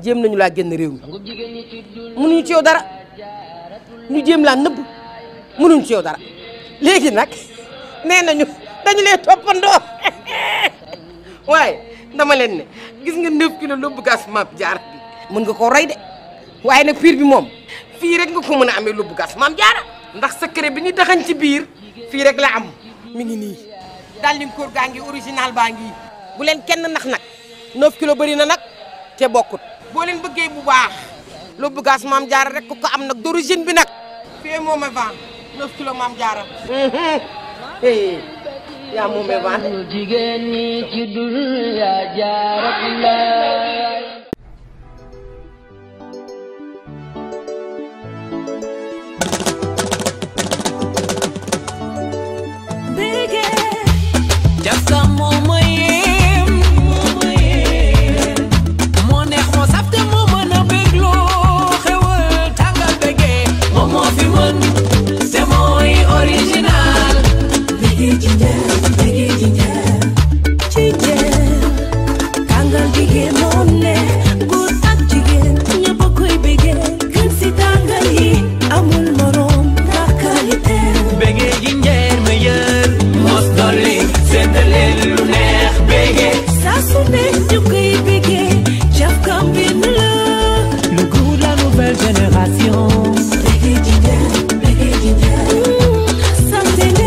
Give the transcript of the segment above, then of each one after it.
jéem nañu laa génn réew mi mënuñu ci yow dara ñu jéem laa nëbb mënuñu ci yow dara léegi nag nee nañu dañu lay toppandoo waaye dama leen ne gis nga 9 kilos loo bëgg as jaar mën nga ko rey de waaye nag piir bi moom fii rek nga ko mën a amee lubbu gas maam jaara ndax secret bi ñu taxañ ci biir fii rek la am mi ngi nii daal di kóor gaa ngi original baa ngi bu leen kenn nax nag 9 kilos bari na nag te bokkut boo leen bëggee bu baax loo bëggaas mam jaara rek ku ko am nag d'origine bi nag fee moome vent neuf kilo maam jaara yaa moome vent jigéen ñi ci dul yaa jaara bége saa su ne ñu koy bége Jaf Kambine la le génération bége jinjër bége jinjër mmh, sant leen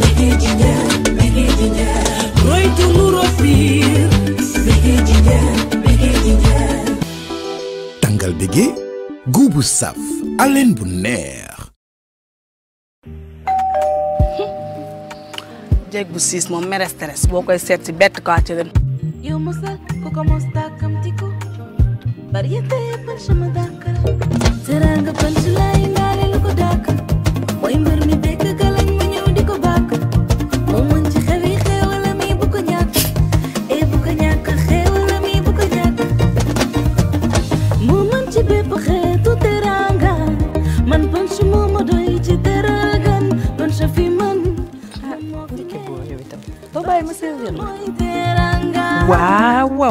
bége jinjër bége jinjër roytu lu ropir bége jinjër bége saf aleen bu neex néeg bu siis moom mere stress boo koy seet si bett kaa ci gën yow mosal ku ko mos tàkkamtiku variété pël sama dàkkara teraanga pël su laay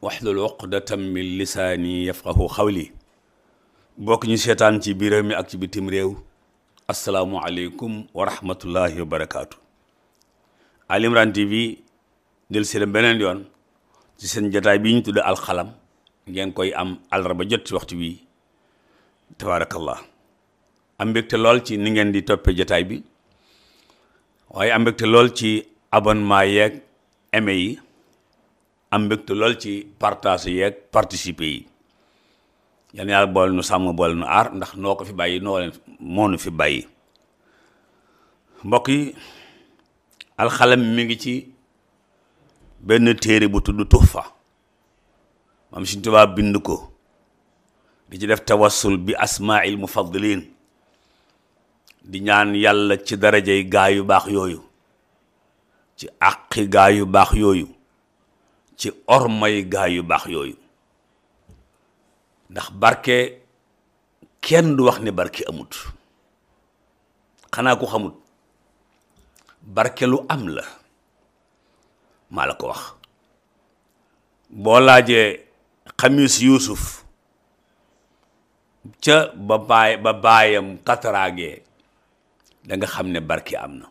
wax waxlul uqdatam min lisaani yafqahu xawli bokk ñu seetaan ci biir mi ak ci bitim réew asalaamualeykum wa rahmatullahi wa barakaatu Ali TV del si beneen yoon ci seen jataay bi ñu tudd alxalam ngeen koy am àllarba jot ci waxtu wi tabaarakallah am mbégte lool ci ni ngeen di toppee jataay bi waaye am mbégte lool ci abonnement yeeg aimé yi e am mbégte lool ci partage yeeg participer yi yal na boole nu sàmm boole nu aar ndax noo ko fi bàyyi noo leen moo nu fi bàyyi mbokk yi alxalam mi ngi ci benn téere bu tudd Tuhfa maam Sëriñ Tuubaa bind ko di ci def tawassul bi asmaa'il mufaddalin di ñaan yàlla ci darajay gaa yu baax yooyu ci àqi gaa yu baax yooyu ci ormay gaa yu baax yooyu ndax barke kenn du wax ni barki amut xanaa ko xamut barke lu am la maa la ko wax boo laajee xamis yuusuf ca ba baay ba baayam kataraagee da nga xam ne barki am na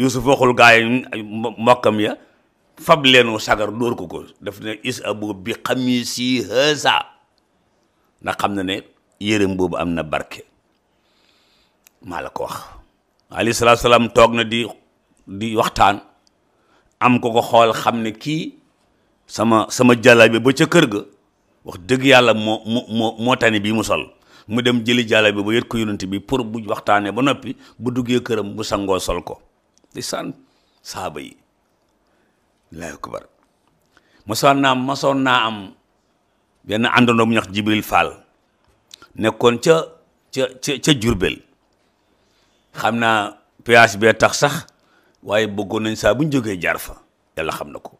yuusuf waxul gaa mbokkam ya fab leenu sagar dóor ko ko daf ne is abu bi xamisi haza ndax xam na ne yërëm boobu am na barke maa la ko wax alayhi salaatu salaam toog na di di waxtaan am ko ko xool xam ne kii sama sama jàllabe ba ca kër ga wax dëgg yàlla moo moo moo moo bii mu sol mu dem jëli jàllabe ba yët ko yonent bi pour bu waxtaanee ba noppi bu duggee këram bu sangoo sol ko di saan saaba yi allahu akbar mosoon naa am benn àndandoo bu ñuy wax nekkoon ca ca ca ca Jurbel xam naa péage bee tax sax waaye bëggoon nañ saa bu jógee jaar fa yàlla xam na ko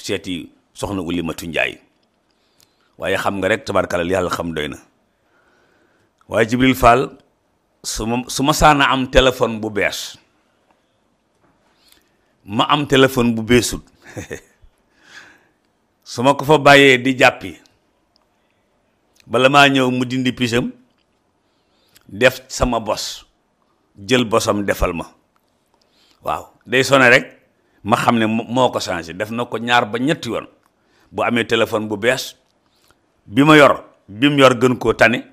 seeti soxna Ulimatu Njaay waaye xam nga rek tabarkalal yàlla xam doy na waaye Jibril Fall su ma su saana am téléphone bu bees ma am téléphone bu beesut su ma ko fa bàyyee di jàppi bala maa ñëw mu dindi pisam def sama bos jël bosam defal ma waaw day sone rek ma xam ne moo ko changé def na ko ñaar ba ñetti yoon bu amee téléphone bu bees bi ma yor bi mu yor gën koo tane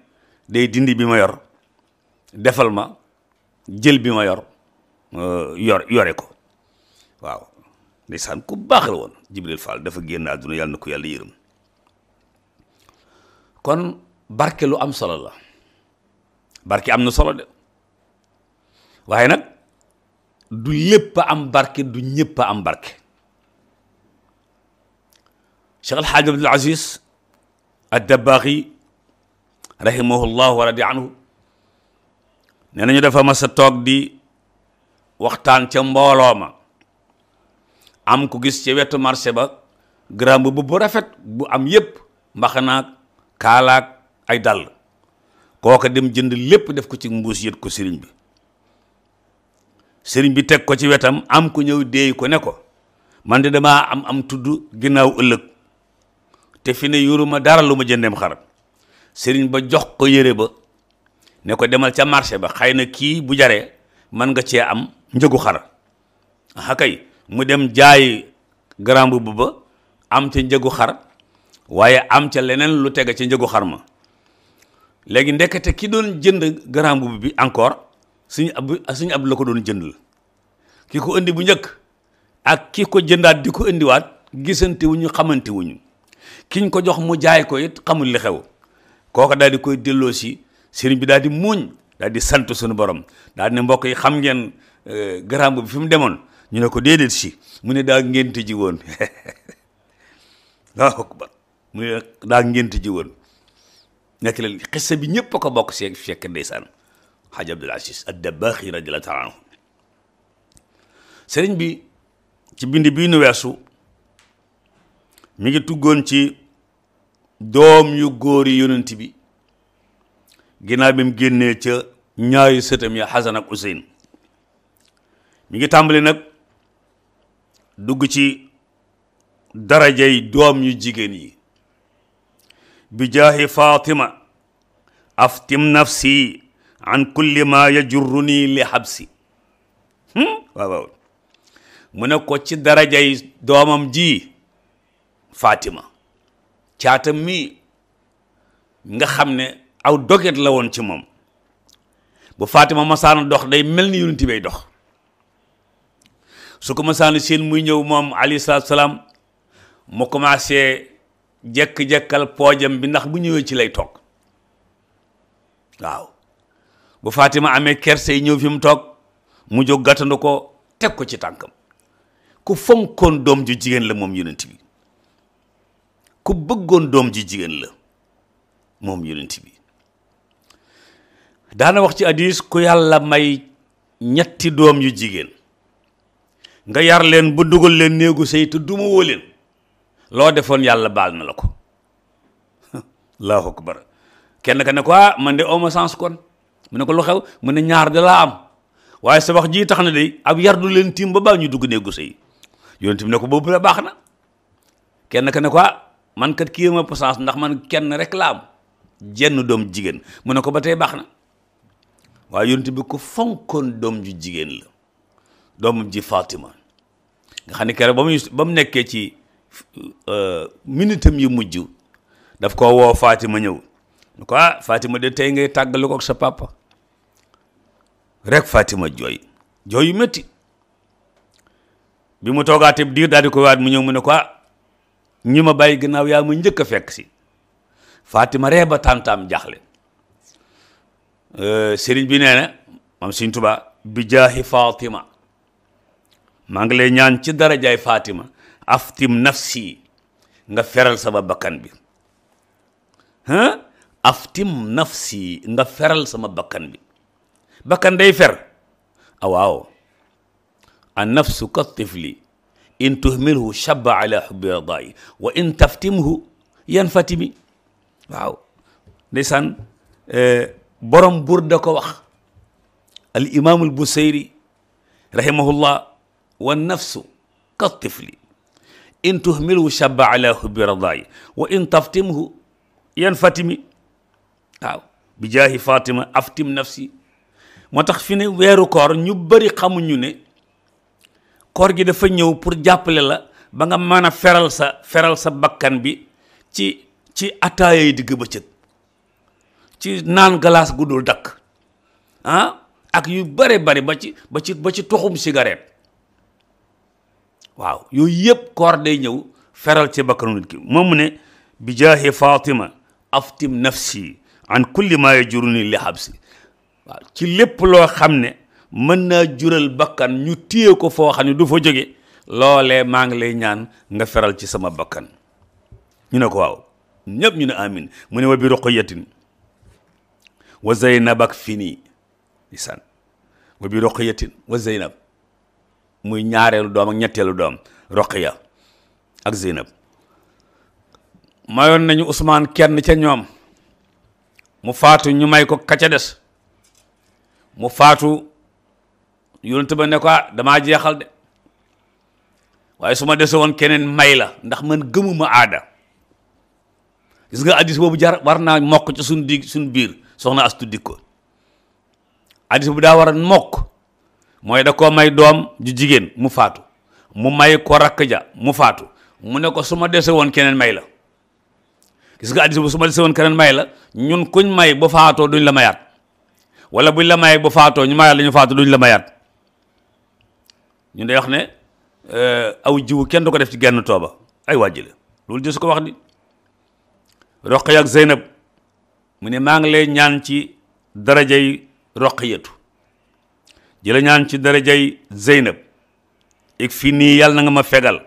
day dindi bi ma yor defal ma jël bi ma yor euh, yor yore ko waaw ndeysaan ku baax woon Jibril Fall dafa génn àdduna yàlla na ko yàlla yërëm kon barke lu am solo la barke am na solo de waaye nag du lépp a du ñëpp am barke Cheikh El Hadj Abdoul Aziz wa radi anhu nee nañu dafa mas a toog waxtaan ca mbooloo ma am ku gis ci wetu marché ba grand bu bu rafet bu am yépp mbaxanaak kaalaak ay dàll kooko dem jënd lépp def ko ci mbuus yët ko sëriñ bi sëriñ bi teg ko ci wetam am ku ñëw déey ko ne ko man de damaa am am tudd ginnaaw ëllëg te fi ne yoruma dara lu ma jëndeem xar sëriñ ba jox ko yére ba ne ko demal ca marché ba xëy na kii bu jaree mën nga cee am njëgu xar ah kay mu dem jaay grand mbubb ba am ca njëgu xar waaye am ca leneen lu teg ca njëgu xar ma léegi ndekete ki doon jënd grand mbubb bi encore suñu ab suñu ab la ko doon jënd la ki ko indi bu njëkk ak ki ko jëndaat di ko indiwaat gisante wuñu xamante wuñu kiñ ko jox mu jaay ko it xamul li xew kooka daal di koy delloo si sëriñ bi daal di muuñ daal di sant suñu borom daal di mbokk yi xam ngeen euh, grand mbubb bi fi mu demoon ñu ne ko déedéet si mu ne daa ngént ji woon waaw akbar mu ne nekk leen bi ñëpp a ko bokk see fekk ndeysaan xaaj Abdul Aziz ad-Dabbaaxi radiyallaahu taala anhu sëriñ bi ci bind bii nu weesu mi ngi tuggoon ci doom yu góor yi yonent bi ginnaaw bi mu génnee ca ñaari sëtam ya Xasan ak Useyn mi ngi dugg ci darajay doom yu jigéen yi bi jaahi fatima aftim nafsi an kulli ma yajurruni li habsi hmm? waaw mu ne ko ci darajay doomam ji fatima caatam mi nga xam ne aw doget la woon ci moom bu fatima masaana dox day mel ni yonent bay dox su ko masaani seen muy ñëw moom alayhi salaatu salaam mu commencé jekk-jekkal poojam bi ndax bu ñëwee ci lay toog waaw bu Fatima amee kerse yi ñëw fi mu toog mu jóg gàttandu ko teg ko ci tànkam ku fonkoon doom ju jigéen la moom yonent bi ku doom ji jigéen la moom yonent bi daana wax ci hadiis ku yàlla may ñetti doom yu jigéen nga yar leen bu dugal leen néegu sëy te duma woo leen loo defoon yàlla baal na la ko allahu akbar kenn ka ne ko ah man de awma sens kon mu ne ko lu xew mu ne ñaar da am waaye sa wax ji tax na de ab yar leen tiim ba baa ñu dugg néegu sëy yonent bi ne ko boobu la baax na kenn ka ne ko ah man kat kii ma sens ndax man kenn rek laa am jenn doom jigéen mu ne ko ba tey baax na waaye yonent bi ko fonkoon doom ju jigéen la doomam ji Fatima nga xam ne keroog ba mu ba mu nekkee ci euh, minitam yu mujj daf ko woo Fatima ñëw ñu ko ah Fatima de tey ngay tàggalu ko sa papa rek Fatima jooy jooy yu métti bi mu toogaatee diir daal di ko waat mu ñëw mu ne ko ah ñi ma bàyyi gannaaw yaa mu njëkk a fekk si Fatima ree ba tàntaam jaaxle euh, sëriñ bi nee na maam Sëriñ Tuubaa Fatima maa ngi lay ñaan ci darajaay Fatima aftim nafsi nga feral sama bakkan bi ah aftim nafsi nga feral sama bakkan bi bakkan day fer a ah, waaw an nafsu ka tifli in tuhmilhu shabba ala hubbi radaayi wa in taftimhu yan fatimi waaw ndeysaan eh, borom bur da ko wax al imaamul busayri rahimahullah wa nafsu ka tifli in tuhmilhu shabba ala hubbi radaayi wa in taftimhu yan fatimi waaw bi jaahi fatima aftim nafsi moo tax fi ne weeru koor ñu bari xamuñu ne koor gi dafa ñëw pour jàppale la ba nga mën feral sa feral sa bakkan bi ci ci ataaya yi digg bëccëg ci naan galaas gu dul dakk ah ak yu bare bari ba ci ba ci ba ci toxum waaw yooyu yëpp koor day ñëw feral ci bakkanu nit ki moom mu ne bi jaahi fatima aftim nafsi an kulli maa yajuruni li habsi waaw ci lépp loo xam ne mën naa jural bakkan ñu téye ko foo xam ne du fa jóge loole maa ngi lay ñaan nga feral ci sama bakkan ñu ne ko waaw ñëpp ñu ne amin mu ne wa bi ruqyatin wa zeynab ak fini isan wa bi wa zeynab muy ñaareelu doom ak ñetteelu doom Roqiya ak Zeynab mayoon nañu Ousmane kenn ca ñoom mu faatu ñu may ko ka ca des mu faatu yonent ba ne ko ah, damaa jeexal de waaye su ma dese woon keneen may la ndax man gëmuma aada gis nga addis boobu jar war naa mokk ci suñ di suñ biir soxna as tuddi ko addis boobu daa war a mokk mooy da ko may doom ju jigéen mu faatu mu may ko rakk ja mu faatu mu ne ko su ma dese woon keneen may la gis nga addis bu su ma keneen may la ñun kuñ may ba faatoo duñ la mayaat wala buñ la may bu faatoo ñu mayaat la ñu faatu duñ la mayaat ñu day wax ne eh, aw jiwu kenn du ko def ci genn tooba ay wàjji la loolu di su ko wax roq Roqaya ak Zeynab mu ne maa ngi lay ñaan ci darajay Roqayatu di la ñaan ci darajay zeynab ik fii nii yàlla na nga ma fegal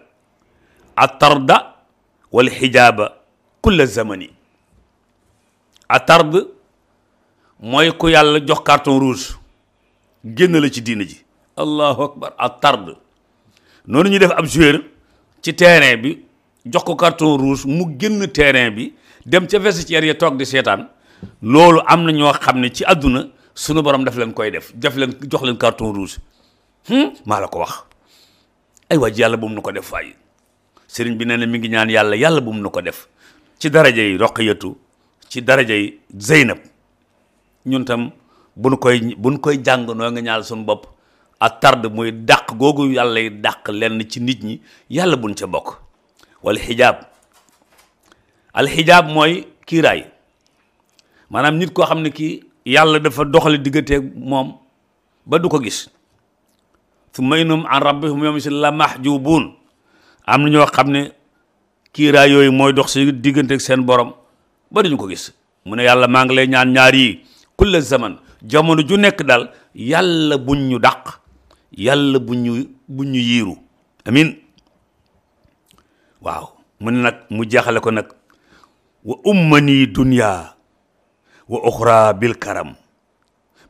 atarda wal xijaaba kulla zamani atard mooy ku yàlla jox carton rouge génn la ci diina ji allahu akbar atard noonu ñu def ab joueur ci terrain bi jox ko carton rouge mu génn terrain bi dem ca vestiaire ya togg di seetaan loolu am na ñoo xam ne ci àdduna sunu boroom daf leen koy def def leen jox leen carton rouge hmm? maa la ko wax ay waaj yàlla bu mu nu ko def waaye sëriñ bi nee na mi ngi ñaan yàlla yàlla bu mu nu ko def ci daraja yi Roqiyatu ci daraja yi Zeynab ñun tam bu nu koy bu nu koy jàng noo nga ñaal suñu bopp ak tarde muy dàq googu yàlla yi dàq lenn ci nit ñi yàlla buñ ca bokk wal xijaab al xijaab mooy kiiraay maanaam nit koo xam ne kii yàlla dafa doxale digganteeg moom ba du ko gis summa innahum an rabbihim yawma izin la mahjubuun am na ñoo xam ne kiiraay yooyu mooy dox si digganteeg seen borom ba duñu ko gis mu ne yàlla maa ngi lay ñaan ñaar yi kulla zaman jamono ju nekk daal yàlla buñ ñu dàq yàlla buñ ñu yiiru amin waaw mu ne nag mu jeexale ko nag wa ummani dunya wa oxra bil karam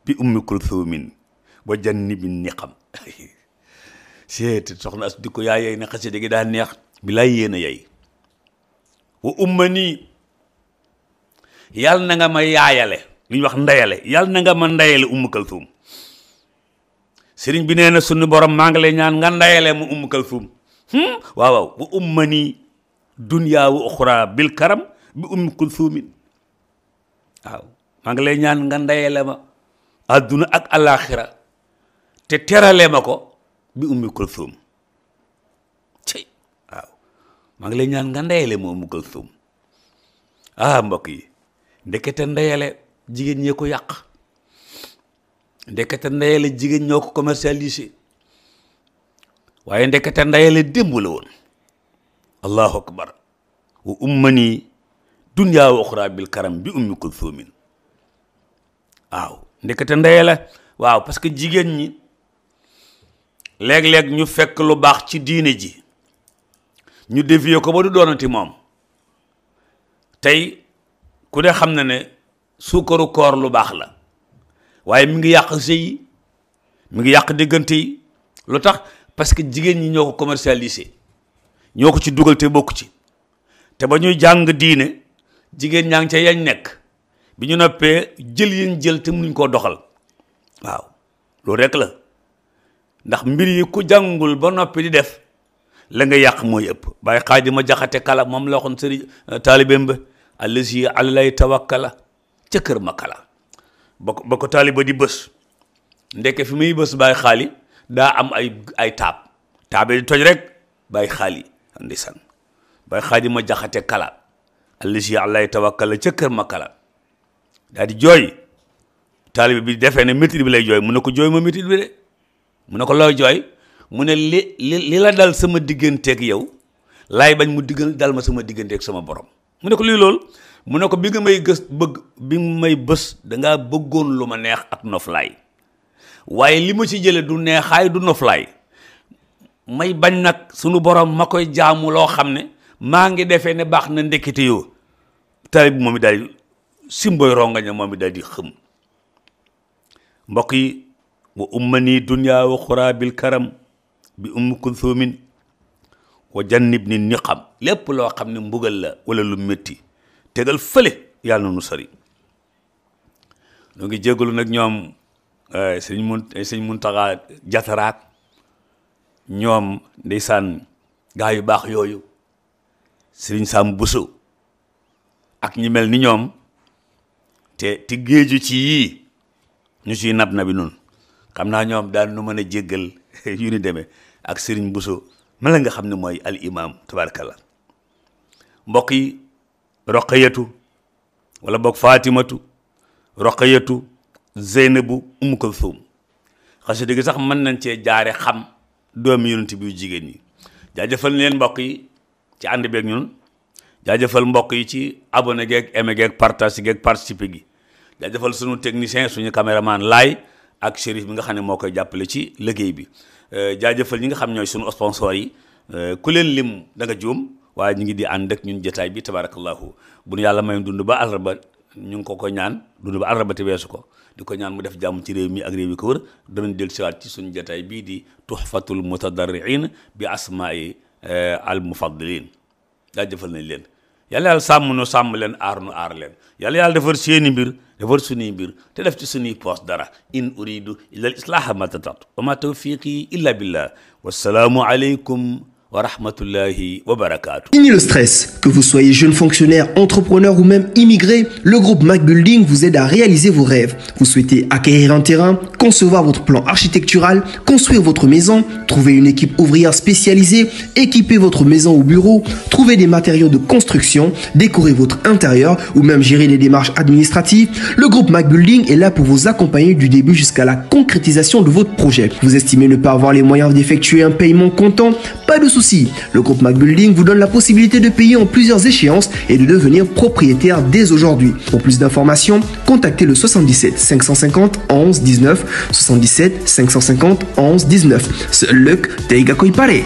bi ummi kulthumin wa jannibin niqam seeti soxna as di ko yaa ne xasida gi daa neex bila laay yéen a yey umma nii yàlla na nga ma yaayale li ñuy wax ndeyale yàlla na nga ma ndeyale ummu kalthum sëriñ bi nee na sunu borom maa ngi lay ñaan nga ndeyale mu ummu kalthum hmm? waaw waaw umma nii dunya wa oxra bil karam bi ummi kulthumin waaw maa ngi lay ñaan nga ndayele ma ak alaaxira te terale ma ko bi ummi kulsum cey waaw maa ngi lay ñaan nga ndayele ma ummi kulsum ah mbokk yi ndekete ndayele jigéen ñee ko yàq ndekete ndayele jigéen ñoo ko commercialisé waaye ndekete ndayele démb la woon allahu akbar wa ummani dunyaa wa uxraa bil karam bi ummi kulthoomin waaw ndekete ndeye la waaw parce que jigéen ñi léeg-léeg ñu fekk lu baax ci diine ji ñu dévier ko ba du doonati moom tey ku ne xam na ne suukaru koor lu baax la waaye mi ngi yàq sëy mu ngi yàq diggante yi lu tax parce que jigéen ñi ñoo ko commercialisé ñoo ko ci dugal te bokk ci te ba ñuy jàng diine jigéen ñaa ngi ca yañ nekk bi ñu noppee jël yéen jël te mënuñ koo doxal waaw loolu rekk la ndax mbir yi ku jàngul ba noppi di def la nga yàq mooy ëpp bay xaadi ma jaxate kala moom la waxoon sëriñ euh, taalibeem ba allasi ca kër ma kala taaliba di bës ndeke fi muy bës bàyyi xaali daa am ay ay taab taabe di toj rek bàyyi xaali ndeysaan bàyyi xaadi ma jaxate kala allisi àllay tawakkal ca kër makka la daal jooy taalibe bi defee ne métit bi lay jooy mu ne ko jooy ma métit bi de mu ne ko looy jooy mu ne li li la dal sama digganteek yow laay bañ mu diggan dal ma sama digganteek sama borom mu ne ko lii lool mu ne ko bi nga may gës bëgg bi nga may bës dangaa bëggoon lu ma neex ak noflaay waaye li ma ci jële du neexaay du noflaay may bañ nag sunu borom ma koy jaamu loo xam ne maa ngi defe ne baax na ndekkite yoo tali bi moom it daal simboy rongaña moom it daal di xëm mbokk yi wa ummanii dunya wa bil karam bi umm kulthumin wa jannib ni niqam lépp loo xam ne mbugal la walla lu métti tegal fële yàlla na nu sori ñu ngi jégalu nag ñoom eh, sëñ mun eh, sëñ Muntaxa Jataraak ñoom ndeysaan gaa yu baax yooyu sëriñ Sam Bousso ak ñi mel ni ñoom te ti géeju ci yii ñu ciy nab na bi noonu xam naa ñoom daal nu mën a jéggal yu ni demee ak sëriñ Bousso ma la nga xam ne mooy al imam tabarakallah mbokk yi roqayatu wala boog fatimatu roqayatu zeynabu umu kulthum xasida gi sax mën nañ cee jaare xam doomi yonent bi jigéen ñi jaajëfal leen mbokk yi ci ànd beeg ñun jaajëfal mbokk yi ci abonné geeg aimé geeg partage geeg participer gi jaajëfal sunu technicien suñu caméraman laay ak shérif bi nga xam ne moo koy jàppale ci liggéey bi euh, jaajëfal ñi nga xam ñooy sunu sponsor yi euh, ku leen lim da nga juum waaye ñu ngi di ànd ak ñun jotaay bi tabarakallahu bu nu yàlla may dund ba àllarba ñu ngi ko ko ñaan dund ba àllarba te weesu ko di ko ñaan mu def jàmm ci réew mi ak réew yi ko wër danañ dellusiwaat ci suñu jotaay bii di tuhfatul mutadarriin bi asmaa'i Eh, al mufaddilin jaajëfal nañ leen lee yàlla sàmm nu sàmm leen aar nu aar leen yàlla yàlla defar seeni mbir defar suñuy mbir te def ci suñuy poos dara in uridu illa al islaha ma tatatu wa ma tawfiqi illa billah wassalaamu aleykum wa rahmatullahi wa barakaatu. Fini le stress. Que vous soyez jeune fonctionnaire, ou même immigré, le groupe Mac Building vous aide à réaliser vos rêves. Vous souhaitez acquérir un terrain, concevoir votre plan architectural, construire votre maison, trouver une équipe ouvrière spécialisée, équiper votre maison ou bureau, trouver des matériaux de construction, décorer votre intérieur ou même gérer les démarches administratives. Le groupe Mac Building est là pour vous accompagner du début jusqu'à la concrétisation de votre projet. Vous souci. Le groupe MacBuilding vous donne la possibilité de payer en plusieurs échéances et de devenir propriétaire dès aujourd'hui. Pour plus d'informations, contactez le 77 550 11 19 77 550 11 19. Luc Teigakoy Pare.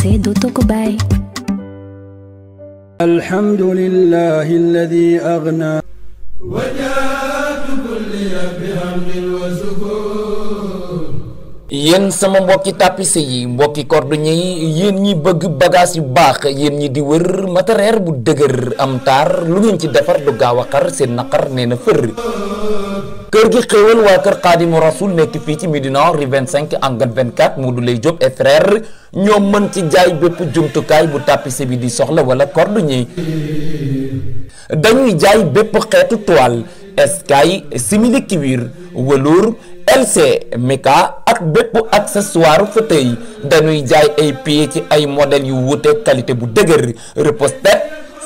से दूतों को बाय الحمد لله yéen sama mbokki tapisse yi mbokki cordonnier yi yéen ñi bëgg bagage yu baax yéen ñi di wër matériel bu dëgër am taar lu ngeen ci defar du gaaw a xar seen naqar nee na fër kër gi xéewal waa kër Xaadimu Rasul nekk fii ci Médina rue 25 angle 24 Modou Lay Diop et frère ñoom mën ci jaay bépp jumtukaay bu tapissier bi di soxla wala cordonnier dañuy jaay bépp xeetu toile eskay simili kiwir wëluur LC Mika ak bépp accessoire fauteuil dañuy jaay ay pieds ci ay modèles yu wuute qualité bu dëgër repose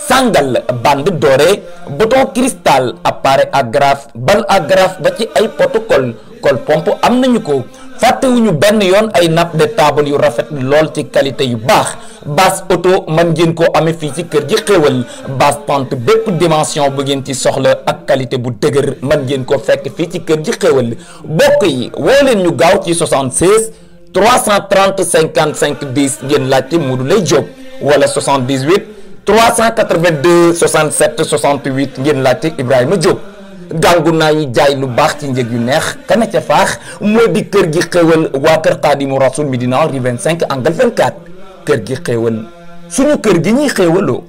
sàngal bande dorée bouton cristal appareil agrafe bal agrafe ba ci ay protocole col pompe am nañu ko fàttewuñu benn yoon ay nappe de table yu rafet lool ci qualité yu baax base auto mën ngeen koo amee fii ci kër gi xéwal base pente bépp dimension bu ngeen ci soxla ak qualité bu dëgër mën ngeen ko fekk fii ci kër gi xéwal bokk yi woo leen ñu gaaw ci 76 330 55 10 ngeen laajte du Lay Diop wala 78 382 67 68 ngeen laajte Ibrahima Diop gàngu naa yi jaay lu baax ci njëg yu neex kana ca faax moo di kër gi xéwal waa kër Xaadimu Rasul Médina rue 25 angle 24 kër gi xéwal suñu kër gi ñuy xéwaloo.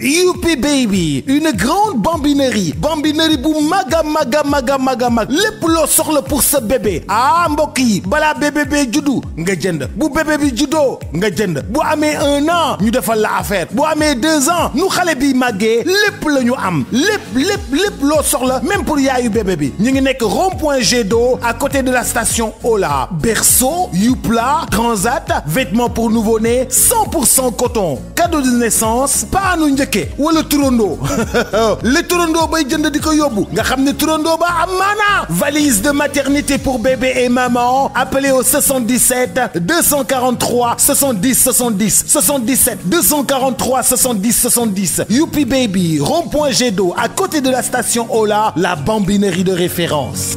Youpi Baby une grande bambinerie bambinerie bu mag a mag a mag a mag a mag lépp loo soxla pour sa bébé ah mbokk yi balaa bébé bee juddu nga jënd bu bébé bi juddoo nga jënd bu amee un an ñu defal la affaire bu amee deux ans nu xale bi màggee lépp la ñu am lépp lépp loo soxla même pour yaayu bébé bi ñu ngi nekk rond point Jet d'eau à côté de la station Ola berceau Youpla transat vêtements pour nouveau-né 100 pour cent coton cadeau de naissance paanu njëkk dëkke wala turandoo le turandoo bay jënd di ko yóbbu nga xam ne turandoo ba am maanaa valise de maternité pour bébé et maman appelez au 77 243 70 70 77 243 70 70 youpi baby rond-point jet d'eau à côté de la station Ola la bambinerie de référence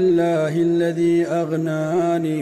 لله الذي أغناني